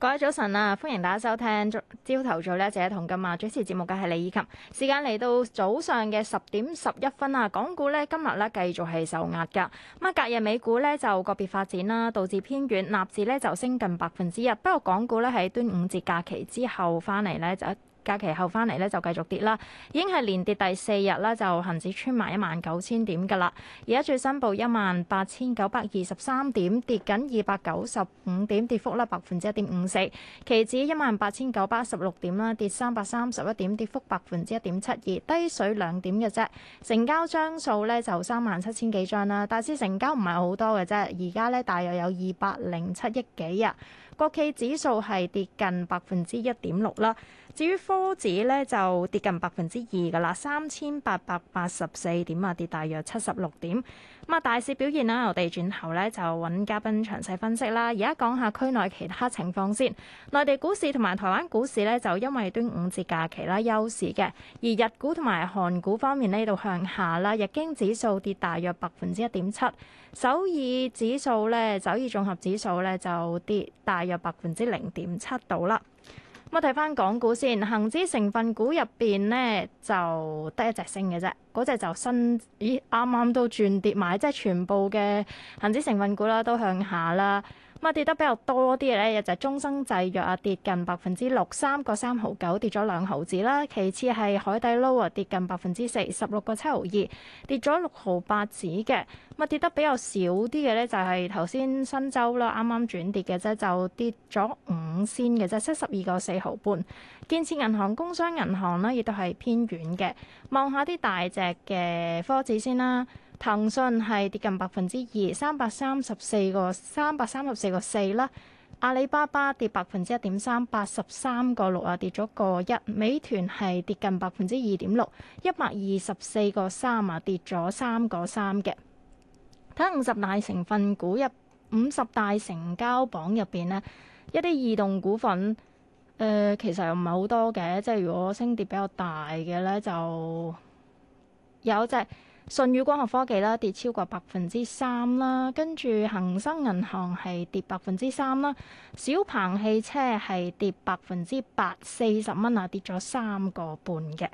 各位早晨啊，歡迎大家收聽朝頭早咧，即係同今日主持節目嘅係李以琴。時間嚟到早上嘅十點十一分啊，港股咧今日咧繼續係受壓噶。咁隔日美股咧就個別發展啦，導致偏遠納指咧就升近百分之一。不過港股咧喺端午節假期之後翻嚟咧就。假期後翻嚟咧，就繼續跌啦。已經係連跌第四日啦，就恆指穿埋一萬九千點㗎啦。而家最新報一萬八千九百二十三點，跌緊二百九十五點，跌幅啦百分之一點五四。期指一萬八千九百一十六點啦，跌三百三十一點，跌幅百分之一點七二，低水兩點嘅啫。成交張數咧就三萬七千幾張啦，大市成交唔係好多嘅啫。而家咧大約有二百零七億幾啊。國企指數係跌近百分之一點六啦。至於科指咧就跌近百分之二㗎啦，三千八百八十四點啊，跌大約七十六點。咁啊，大市表現啦，我哋轉頭咧就揾嘉賓詳細分析啦。而家講下區內其他情況先。內地股市同埋台灣股市咧，就因為端午節假期啦休市嘅。而日股同埋韓股方面呢，度向下啦。日經指數跌大約百分之一點七，首爾指數咧，首爾綜合指數咧就跌大約百分之零點七度啦。咁我睇翻港股先，恒指成分股入邊咧就得一隻升嘅啫，嗰隻就新咦啱啱都轉跌埋，即係全部嘅恒指成分股啦都向下啦。咁啊，跌得比較多啲咧，就係中生製藥啊，跌近百分之六，三個三毫九跌咗兩毫子啦。其次係海底撈啊，跌近百分之四，十六個七毫二跌咗六毫八子嘅。咁啊，跌得比較少啲嘅咧，就係頭先新洲啦，啱啱轉跌嘅啫，就跌咗五仙嘅啫，七十二個四毫半。建設銀行、工商銀行咧，亦都係偏軟嘅。望下啲大隻嘅科指先啦。騰訊係跌近百分之二，三百三十四個三百三十四個四啦。阿里巴巴跌百分之一點三，八十三個六啊，跌咗個一。美團係跌近百分之二點六，一百二十四個三啊，跌咗三個三嘅。睇下五十大成分股，股入五十大成交榜入邊呢，一啲移動股份誒、呃，其實又唔係好多嘅，即係如果升跌比較大嘅呢，就有隻。舜宇光學科技啦，跌超過百分之三啦，跟住恒生銀行係跌百分之三啦，小鵬汽車係跌百分之八，四十蚊啊，跌咗三個半嘅。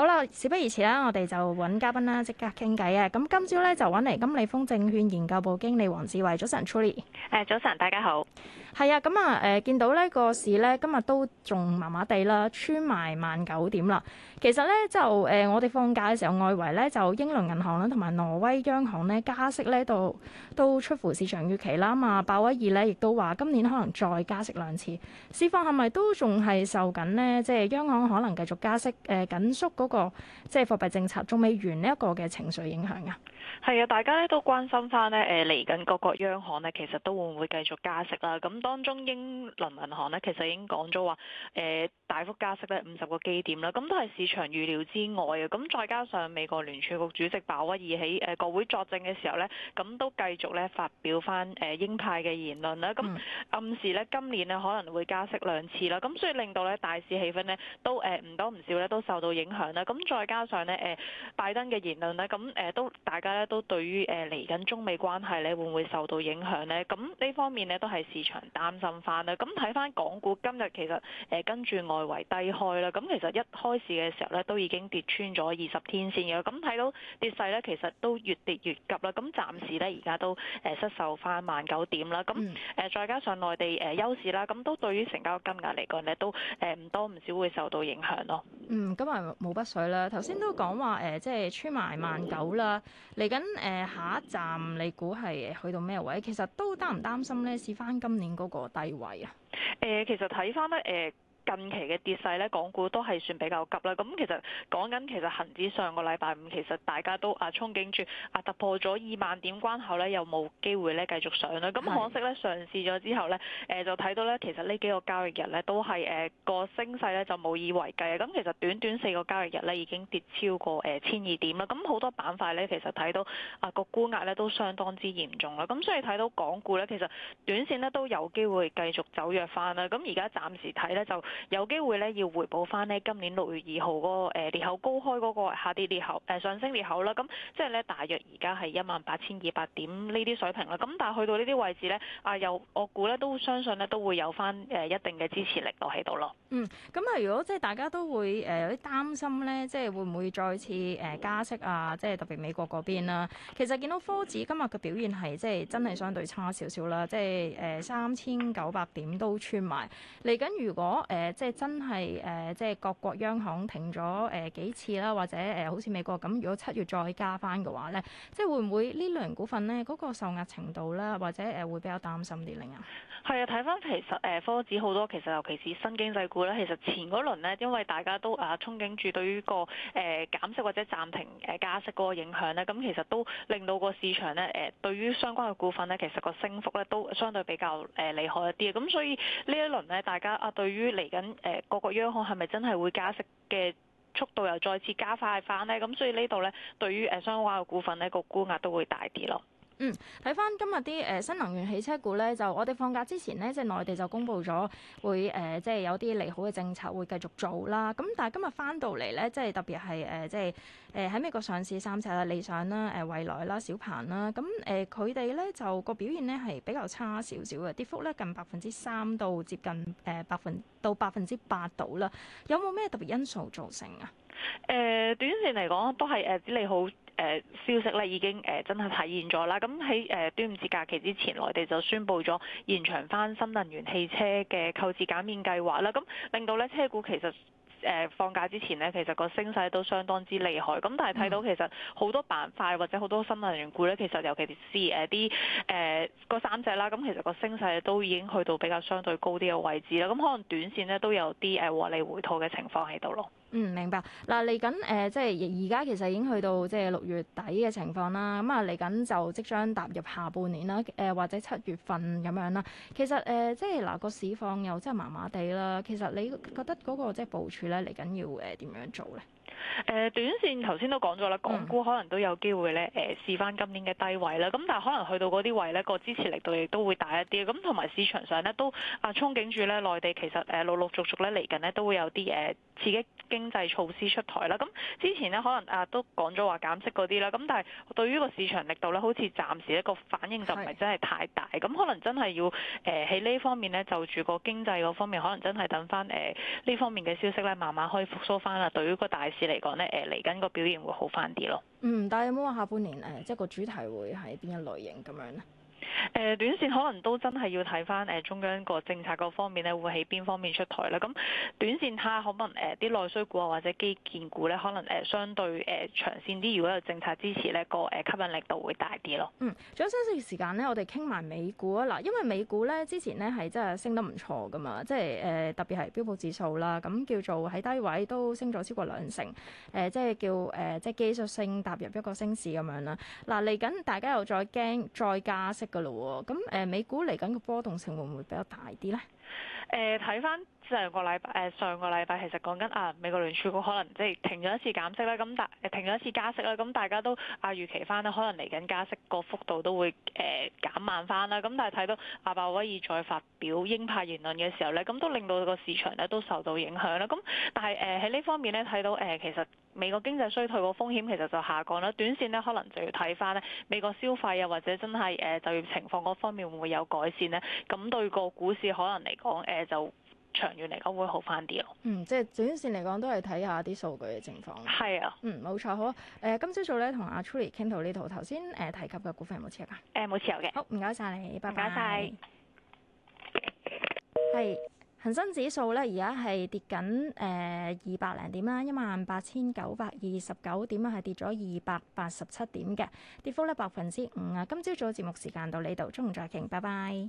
好啦，事不宜遲啦，我哋就揾嘉賓啦，即刻傾偈嘅。咁今朝咧就揾嚟金利豐證券研究部經理黃智慧，早晨，Chulie。誒，早晨，大家好。係啊，咁啊，誒，見到呢個市咧今日都仲麻麻地啦，穿埋萬九點啦。其實咧就誒，我哋放假嘅時候，外圍咧就英倫銀行啦，同埋挪威央行咧加息咧度都出乎市場預期啦嘛。鮑威爾咧亦都話今年可能再加息兩次。市況係咪都仲係受緊呢？即係央行可能繼續加息，誒緊縮個即係貨幣政策，仲未完呢一個嘅情緒影響啊，係啊，大家咧都關心翻呢。誒嚟緊各個央行呢，其實都會唔會繼續加息啦？咁當中英倫銀行呢，其實已經講咗話，誒、呃、大幅加息咧五十個基點啦，咁都係市場預料之外啊。咁再加上美國聯儲局主席鮑威爾喺誒國會作證嘅時候呢，咁都繼續咧發表翻誒鷹派嘅言論啦，咁暗示呢，今年咧可能會加息兩次啦。咁所以令到呢大市氣氛呢都誒唔、呃、多唔少呢都受到影響。咁再加上咧，誒拜登嘅言論咧，咁誒都大家咧都對於誒嚟緊中美關係咧會唔會受到影響呢？咁呢方面咧都係市場擔心翻啦。咁睇翻港股今日其實誒跟住外圍低開啦，咁其實一開始嘅時候咧都已經跌穿咗二十天線嘅，咁睇到跌勢咧其實都越跌越急啦。咁暫時咧而家都誒失守翻萬九點啦。咁誒再加上內地誒休市啦，咁都對於成交金額嚟講呢，都誒唔多唔少會受到影響咯。嗯，今日冇水啦，頭先都講話誒，即係穿埋萬九啦。嚟緊誒，下一站你估係去到咩位？其實都擔唔擔心咧？試翻今年嗰個低位啊。誒、呃，其實睇翻咧誒。呃近期嘅跌勢咧，港股都係算比較急啦。咁其實講緊其實恒指上個禮拜五，其實大家都啊憧憬住啊突破咗二萬點關口咧，又冇機會咧繼續上咧？咁可惜咧，嘗試咗之後咧，誒、呃、就睇到咧，其實呢幾個交易日咧都係誒個升勢咧就無以為繼啊。咁其實短短四個交易日咧，已經跌超過誒千二點啦。咁好多板塊咧，其實睇到啊個沽壓咧都相當之嚴重啦。咁所以睇到港股咧，其實短線咧都有機會繼續走弱翻啦。咁而家暫時睇咧就。有機會咧，要回補翻咧，今年六月二號嗰個裂口高開嗰個下跌裂口誒上升裂口啦。咁、嗯、即係咧，大約而家係一萬八千二百點呢啲水平啦。咁但係去到呢啲位置咧，啊又我估咧都相信咧都會有翻誒一定嘅支持力喺度咯。嗯，咁啊，如果即係大家都會誒、呃、有啲擔心咧，即係會唔會再次誒、呃、加息啊？即係特別美國嗰邊啦、啊。其實見到科指今日嘅表現係即係真係相對差少少啦。即係誒三千九百點都穿埋嚟緊。如果誒、呃即係真係誒、呃，即係各國央行停咗誒、呃、幾次啦，或者誒、呃、好似美國咁，如果七月再加翻嘅話咧，即係會唔會呢輪股份呢嗰、那個受壓程度啦，或者誒會比較擔心啲，令人係啊，睇翻其實誒、呃、科指好多，其實尤其是新經濟股咧，其實前嗰輪咧，因為大家都啊憧憬住對於個誒減息或者暫停誒加息嗰個影響咧，咁其實都令到個市場呢，誒對於相關嘅股份呢，其實個升幅咧都相對比較誒厲害一啲嘅，咁所以一呢一輪呢大家啊對於嚟緊誒，個個央行係咪真係會加息嘅速度又再次加快翻呢？咁所以呢度咧，對於誒相關嘅股份，呢個估額都會大啲咯。嗯，睇翻今日啲誒新能源汽車股咧，就我哋放假之前咧，即係內地就公布咗會誒、呃，即係有啲利好嘅政策會繼續做啦。咁但係今日翻到嚟咧，即係特別係誒、呃，即係誒喺美國上市三隻啦，理想啦、誒、呃、蔚來啦、小鵬啦，咁誒佢哋咧就個表現咧係比較差少少嘅，跌幅咧近百分之三到接近誒百分到百分之八到啦。有冇咩特別因素造成啊？誒、呃，短線嚟講都係誒啲利好。誒消息咧已經誒真係體現咗啦，咁喺誒端午節假期之前，內地就宣布咗延長翻新能源汽車嘅購置減免計劃啦，咁令到咧車股其實誒放假之前呢，其實個升勢都相當之厲害，咁但係睇到其實好多板塊或者好多新能源股咧，其實尤其係啲誒啲誒嗰三隻啦，咁其實個升勢都已經去到比較相對高啲嘅位置啦，咁可能短線咧都有啲誒獲利回吐嘅情況喺度咯。嗯，明白嗱，嚟緊誒，即係而家其實已經去到即係六月底嘅情況啦。咁啊嚟緊就即將踏入下半年啦，誒、呃、或者七月份咁樣啦。其實誒、呃，即係嗱，個市況又真係麻麻地啦。其實你覺得嗰、嗰個即係部署咧嚟緊要誒點樣做咧？誒短線頭先都講咗啦，港股可能都有機會咧誒試翻今年嘅低位啦，咁但係可能去到嗰啲位咧，個支持力度亦都會大一啲。咁同埋市場上咧都啊憧憬住咧內地其實誒陸陸續續咧嚟緊咧都會有啲誒刺激經濟措施出台啦。咁之前咧可能啊都講咗話減息嗰啲啦，咁但係對於個市場力度咧，好似暫時一個反應就唔係真係太大。咁是可能真係要誒喺呢方面咧，就住個經濟嗰方面，可能真係等翻誒呢方面嘅消息咧，慢慢可以復甦翻啦。對於個大市，嚟講咧，誒嚟緊個表現會好返啲咯。嗯，但係有冇話下半年誒、呃，即係個主題會喺邊一類型咁樣咧？誒，短線可能都真係要睇翻誒中央個政策嗰方面咧，會喺邊方面出台咧？咁短線下，可能誒啲內需股啊或者基建股咧，可能誒相對誒長線啲，如果有政策支持咧，個誒吸引力度會大啲咯。嗯，仲有少少時間咧，我哋傾埋美股啊，嗱，因為美股咧之前咧係真係升得唔錯噶嘛，即係誒特別係標普指數啦，咁叫做喺低位都升咗超過兩成，誒即係叫誒即係技術性踏入一個升市咁樣啦。嗱，嚟緊大家又再驚再加息。噶咯，咁誒美股嚟緊個波動性會唔會比較大啲呢？誒睇翻上個禮誒、呃、上個禮拜其實講緊啊美國聯儲局可能即係停咗一次減息啦，咁、嗯、但停咗一次加息啦，咁、嗯、大家都啊預期翻咧，可能嚟緊加息個幅度都會誒、呃、減慢翻啦。咁但係睇到阿鮑威爾再發表鷹派言論嘅時候呢，咁都令到個市場呢都受到影響啦。咁、嗯、但係誒喺呢方面呢，睇到誒、呃、其實。美國經濟衰退個風險其實就下降啦，短線咧可能就要睇翻咧美國消費啊，或者真係誒、呃、就業情況嗰方面會唔會有改善咧？咁對個股市可能嚟講誒就長遠嚟講會好翻啲咯。嗯，即係短線嚟講都係睇下啲數據嘅情況。係啊，嗯，冇錯，好啊。誒、呃，今朝早咧同阿 Chulie 傾到呢度，頭先誒提及嘅股份有冇持有噶？呃，冇持有嘅。好，唔該晒你，拜拜。係謝。恒生指數咧，而家係跌緊，誒二百零點啦，一萬八千九百二十九點啊，係跌咗二百八十七點嘅，跌幅咧百分之五啊。今朝早節目時間到呢度，中午再傾，拜拜。